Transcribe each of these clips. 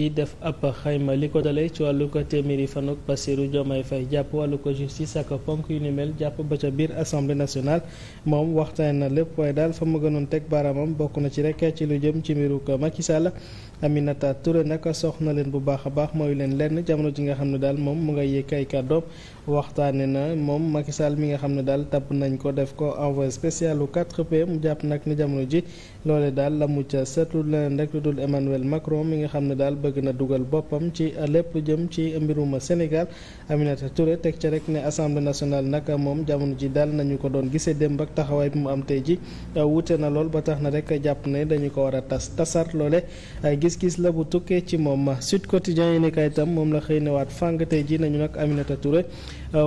ci def ab xayma li ko dalee ci wàllu ko téeméeri fanuk Bassirou Diomaye Faye jàpp wàllu ko justice ak ponk yu jàpp ba ca biir assemblée nationale moom waxtaan na lépp waaye daal fa mu gënoon teg baaraamam bokk na ci rek ci lu jëm ci mbiru ko Macky Aminata Touré nag soxna leen bu baax a baax mooy leen lenn jamono ji nga xam ne daal moom mu nga yëg ay kàddoom waxtaane na moom Macky Sall mi nga xam ne daal tabb nañ ko def ko envoyé spécial u 4P ji loole bëgg na dugal boppam ci lépp lu jëm ci mbirum Sénégal Aminata Touré teg ca rek ne assemblée nationale nag moom jamono ji daal nañu ko doon gisee démb ak taxawaay bi mu am tey ji wute na lool ba tax na rek jàpp ne dañu ko war a tas tasar la bu ci moom Sud Quotidien yi ne kay itam moom la xëy newaat fàng nañu nag Aminata Touré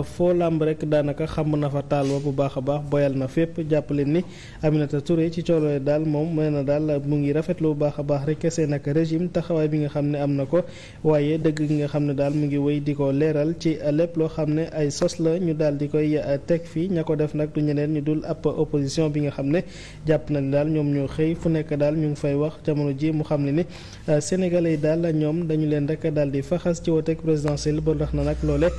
foo làmb rek daanaka xam na fa taal wa bu baax a baax boyal na fépp jàpp leen ni Aminata Touré ci cooloolee daal moom mel na daal mu ngi rafetlu bu baax a baax rek seen ak régime taxawaay bi nga xam ne am na ko waaye dëgg gi nga xam ne daal mu ngi wéy di ko leeral ci lépp loo xam ne ay sos la ñu daal di koy euh, teg fii ña ko def nag du ñeneen ñu dul ab opposition bi nga xam ne jàpp na daal ñoom ñoo xëy fu nekk daal ñu ngi fay wax jamono ji mu xam ne ni euh, sénégalais yi daal ñoom dañu leen rek daal di faxas ci woteeg présidentielle ba ndax na nag loole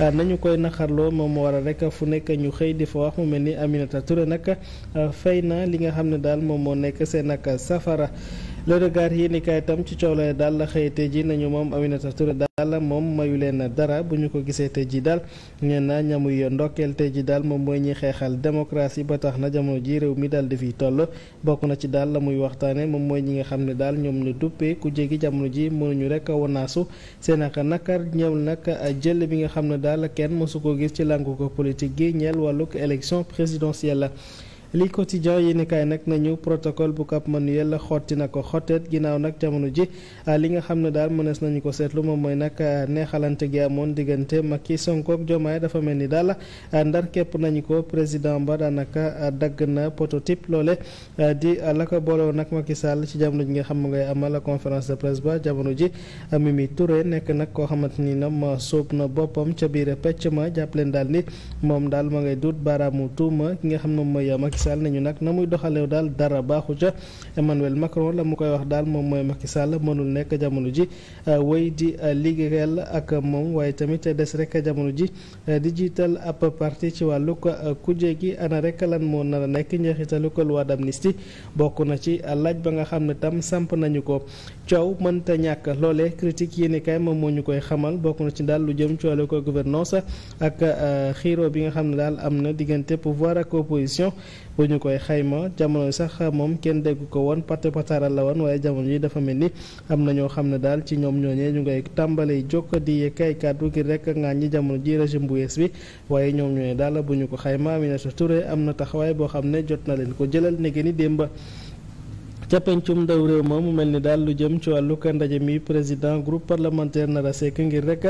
euh, nañu koy naqarloo moom mu war a rek fu nekk ñu xëy di fa wax mu mel ni Aminata ture nag fay na li nga xam ne daal moom moo nekk seen ak safara le regard yéen kaay itam ci coow lay daal la xëy tey ji nañu moom Aminata Touré daal moom mayu leen dara bu ñu ko gisee tey ji daal ngeen na ñamuy ndokkeel tey ji daal moom mooy ñuy xeexal démocratie ba tax na jamono ji réew mi daal di toll bokk na ci daal la muy waxtaane moom mooy ñi nga xam ne daal ñoom ne duppee ku jéggi jamono ji mënuñu rek wanaasu seen ak nakar ñëw nag jël bi nga xam ne daal kenn mësu ko gis ci làngu ko politique gi ñeel wàllug élection présidentielle la li quotidien yéeni kaay nag nañu protocole bu Cap Manuel xotti na ko xotteet ginnaaw nag jamono ji ah, li nga xam ne daal mënees nañu ko seetlu moom mooy nag ah, neexalante gi amoon diggante Macky Sonko ak Diomaye dafa mel ni daal ah, ndar képp nañu ko président ba daanaka dagg na prototype loole di la ko booloo nag ki Sall ci jamono ji nga xam ngay amal conférence de presse ba jamono ji Mimi Touré nekk nag koo xamante ni nam sóob na boppam ca biir pecc ma jàpp daal ni moom daal ma ngay duut baaraamu tuuma ki nga xam ne mooy Macky Sall nañu nag na muy doxalee daal dara baaxu ca Emmanuel Macron la mu koy wax daal moom mooy Macky Sall mënul nekk jamono ji euh, wéy di euh, liggéeyal ak moom waaye tamit des rek jamono ji euh, di jiital ab parti ci wàllu kujje gi ana rek lan moo na la nekk njeexitalu ko loi d'amnistie bokk na ci laaj ba nga xam ne tam samp nañu ko coow mënta ñàkk loolee critique yéen kay moom moo ñu koy xamal bokk na ci daal lu jëm ci wàllu ko gouvernance ak xiiro bi nga xam ne daal am na diggante pouvoir ak opposition bu ñu koy xayma jamono sax moom kenn dégg ko woon pat pataaral la woon waaye jamono yi dafa mel ni am na ñoo xam ne daal ci ñoom ñooñee ñu ngay tàmbalee jokk di kay kàddu gi rek ngaan ñi jamono ji régime bu wees bi waaye ñoom ñooñee daal bu ñu ko xaymaa xayma Aminata Touré am na taxawaay boo xam ne jot na leen ko jëlal ne ni démb ca pencum ndaw réew ma mu mel ni daal lu jëm ci wàllu ndaje mi président groupe parlementaire nar a sekk ngir rek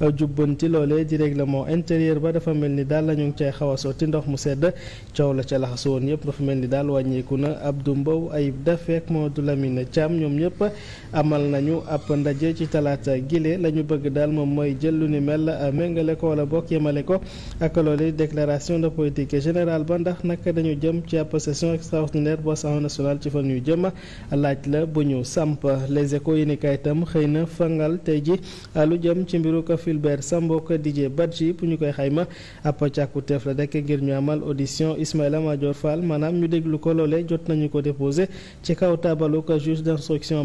uh, jubbanti loole di règlement intérieur ba dafa mel ni daal la ngi cay xaw a sotti ndox mu sedd coow la ca laxas woon yëpp dafa mel ni daal wàññeeku na Abdou Mbow Ayib Daffé du Lamine Thiam ñoom ñëpp amal nañu ab ndaje ci talaata gile la bëgg daal moom mooy jël lu ni mel uh, méngale ko wala bokk yemale ko ak loolu déclaration de politique ba ndax nag dañu jëm ci ab session extraordinaire bu Assemblée nationale ci fan yu laaj la bu ñu samp les échos yi ni kay itam xëy na fangal ko Fulbert Sambou ko Didier Badji bu ñu koy xayma ab càkkuteef la rek ñu amal audition Ismaïla Madior Fall ko loolee jot nañu ko déposé ci kaw tabalu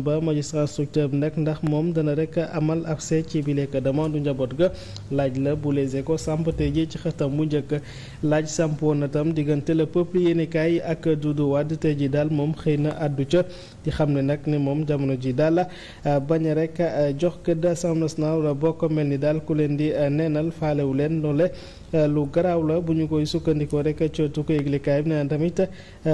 ba magistrat instructeur bi nag ndax moom dana rek amal accès ci bile ka demande ga laaj la bu les échos samp tey ji ci xëtam mu njëkk laaj samp woon tam diggante le peuple yéenekaay ak Doudou Wade tey ji daal moom xëy na àddu ca di xam ne nag ne moom jamono ji daal euh, bañ rek euh, jox gëdd assemblée nationale boo ko mel ni daal ku leen di euh, neenal faalewu leen loole lu garaaw la bu ñu koy sukkandikoo rek cootu ko yëglekaay bi tamit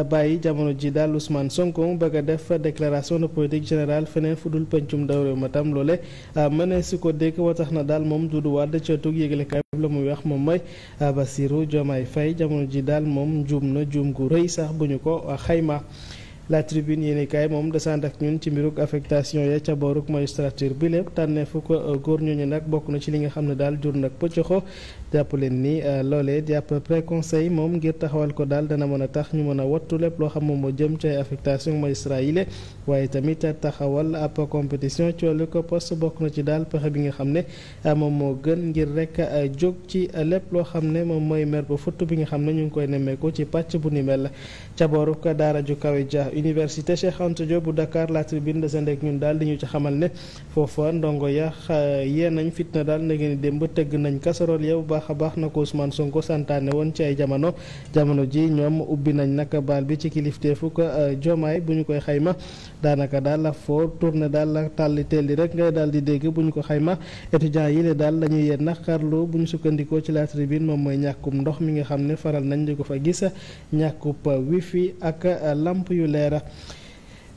bàyyi jamono ji daal Ousmane Sonko mu bëgg a def déclaration de politique générale feneen fu dul pencum ndaw ma tam loole mënee si ko dégg tax na daal moom Dudu Wade cootu yëglekaay bi la muy wax moom mooy Bassirou Diomaye Faye jamono ji daal moom juum na juum gu rëy sax bu ñu ko xayma la tribune yéen kaay moom descend ak ñun ci mbirug affectation ya ca magistrature bi tànneefu ko euh, góor ñooñu nag bokk na ci li nga xam ne daal jur nag pëccoxo jàpp leen ni euh, loolee jàpp préconseil moom ngir taxawal ko daal dana mën a tax ñu mën a wattu lépp loo xam moom moo jëm ci affectation magistrat yi le waaye tamit taxawal ab compétition ci wàllu ko poste bokk na ci daal pexe bi nga xam ne euh, moom moo gën ngir rek jóg ci lépp loo xam ne moom mooy mer ba bi nga xam ne ñu ngi koy nemmeeku ci pàcc bu ni mel université Cheikh Anta Diop bu Dakar la tribune de Sendek ñun daal di ñu ci xamal ne foofa ndongo ya yee nañ fitna daal na ngeen démb tëgg nañ casserole ya bu baax a baax na ko Ousmane Sonko santaane woon ci ay jamono jamono ji ñoom ubbi nañ nag baal bi ci kilifteefu ko Jomaay euh, bu ñu koy xayma daanaka daal la foo tourné daal a tàlli telli rek ngay daal di dégg bu ñu ko xayma étudiants yi ne daal la ñuy yéen naqarlu bu ñu sukkandikoo ci la tribune moom mooy ñàkkum ndox mi nga xam ne faral nañ di ko fa gis Pereira.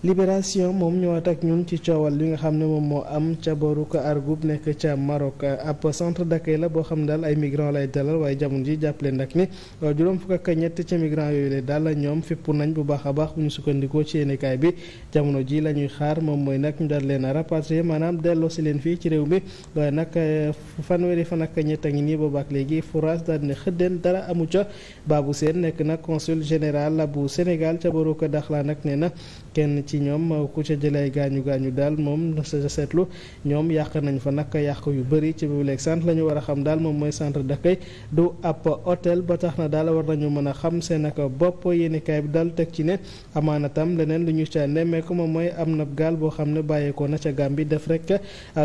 Libération moom ñëwaat ak ñun ci coowal li nga xam ne moom moo am ca booru ko Argoub nekk ca Maroc ab centre d'accueil la boo xam ne daal ay migrants lay dalal waaye jamono ji jàpp jàppale nag ni euh, juróom fukk ak ñett ca migrants yooyu la daal ñoom fippu nañ bu baax a baax bu ñu sukkandikoo ci yéenekaay bi jamono ji la ñuy xaar moom mooy nag ñu daal leen a rapatrier maanaam delloo si leen fii ci réew mi waaye nag euh, fanweeri fan ak ñett a ngi nii boobaak léegi forage daal ne xëddeen dara amu ca baabu Sène nekk nag consul général bu Sénégal ca booru ko laa nag nee na kenn ci ñoom ku ca jëlee gaañu gaañu daal moom sa seetlu ñoom yàq nañ fa nag yàq yu bëri ci boobu léegi centre la ñu war a xam daal moom mooy centre d'accueil du ab hôtel ba tax na daal war nañu mën a xam seen ak bopp yéenekaay bi daal teg ci ne amaana tam leneen lu ñu ca nemmeeku moom mooy am na gaal boo xam ne bàyyeekoo na ca Gàmbi def rek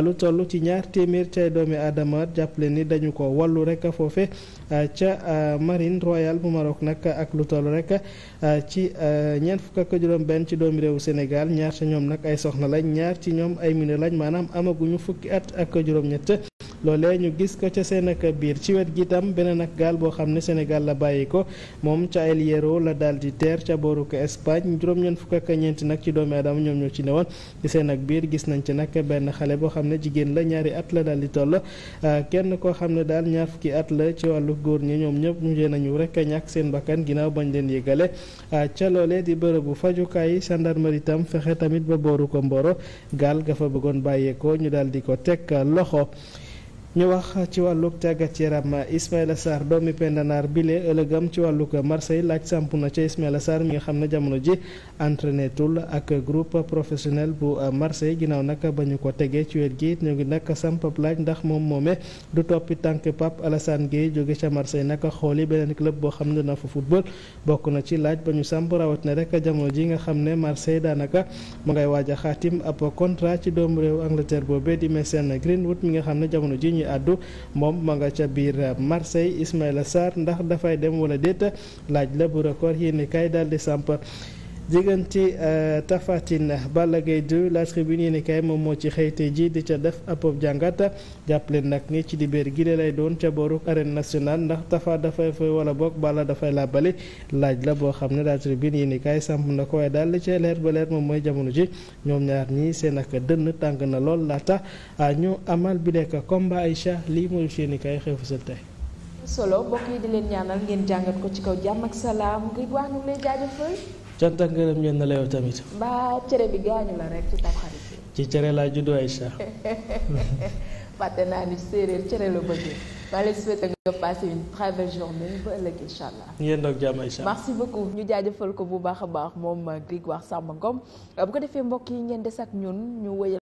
lu toll ci ñaar téeméer cay doomi aadama jàppale ni dañu ko wallu rek foofe ca euh, marine royale bu Maroc nag ak lu toll rek euh, euh, bitim réew Sénégal ñaar ci ñoom nag ay soxna lañ ñaar ci ñoom ay mineur lañ maanaam amaguñu fukki at ak juróom-ñett loolee ñu gis ko ca seen ak biir ci wet gi tam beneen ak gaal boo xam ne Sénégal la bàyyi ko moom ca El Hierro la daal di teer ca booru ko Espagne juróom-ñeent fukk ak ñeenti nag ci doomi aadama ñoom ñoo ci newoon ci seen ak biir gis nañ ci nag benn xale boo xam ne jigéen la ñaari at la daal di toll ah, kenn koo xam ne daal ñaar fukki at la ci wàllu góor ñi ñoom ñëpp mujjee nañu rek ñàkk seen bakkan ginnaaw bañ leen yëgale ah, ca loole di bërëbu fajukaay gendarmerie tam fexe tamit ba booru ko Mboro gaal ga fa bëggoon bàyyeekoo ñu daal di ko teg loxo ñu wax ci wàlluk tàggat yaram Ismaïla Sarr doomi pendanaar bile ëllëgam ci wàllug Marseille laaj samp na ca Ismaïla Sarr mi nga xam ne jamono ji entraîné ak groupe professionnel bu Marseille ginnaaw nag ba ñu ko tegee ci wet gi ñu ngi nag samp laaj ndax moom moome du toppi tànk Pape Alassane Gueye jóge ca Marseille nag xooli beneen club boo xam ne na fa football bokk na ci laaj ba ñu samp rawat na rek jamono ji nga xam ne Marseille daanaka mu ngay waaj a xaatim addu moom ma nga ca biir eh, Marseille Ismaïla Sarr ndax dafay dem wala déet laaj la bu record yéen kay daal di samp diggante euh, Tapha Tine Balla Gaye 2 la tribune yéen kaay moom moo ci xëyte ji di ca def ab jàngat jàppale nag ni ci dibéer gi lay doon ca booruk arène nationale ndax Tapha dafay fay wala boog Balla dafay làbbali laaj la boo xam ne la tribune yéen kaay samp na ko waaye dal li ca leer ba leer moom mooy jamono ji ñoom ñaar ñii seen ak dënn tàng na lool laata ñu amal bi nekk combat Aïcha lii mooy seen i kaay xew fësal tey solo mbokk yi di leen ñaanal ko ci kaw jàmm ak cant ak ngërëm ñeen na la yow tamit. ba cere bi gaañu la rek ci tamxarit ci cere laa juddu Aïcha. fàtte naa ni séeréer cere la bëggee. maa ngi lay nga passé une très belle journée ba ëllëg incha allah. ngeen doog jàmm incha allah merci beaucoup ñu jaajëfal ko bu baax a baax moom Grégoire Samba Ngom euh, bu ko defee mbokk yi ngeen des ak ñun ñu wëyal.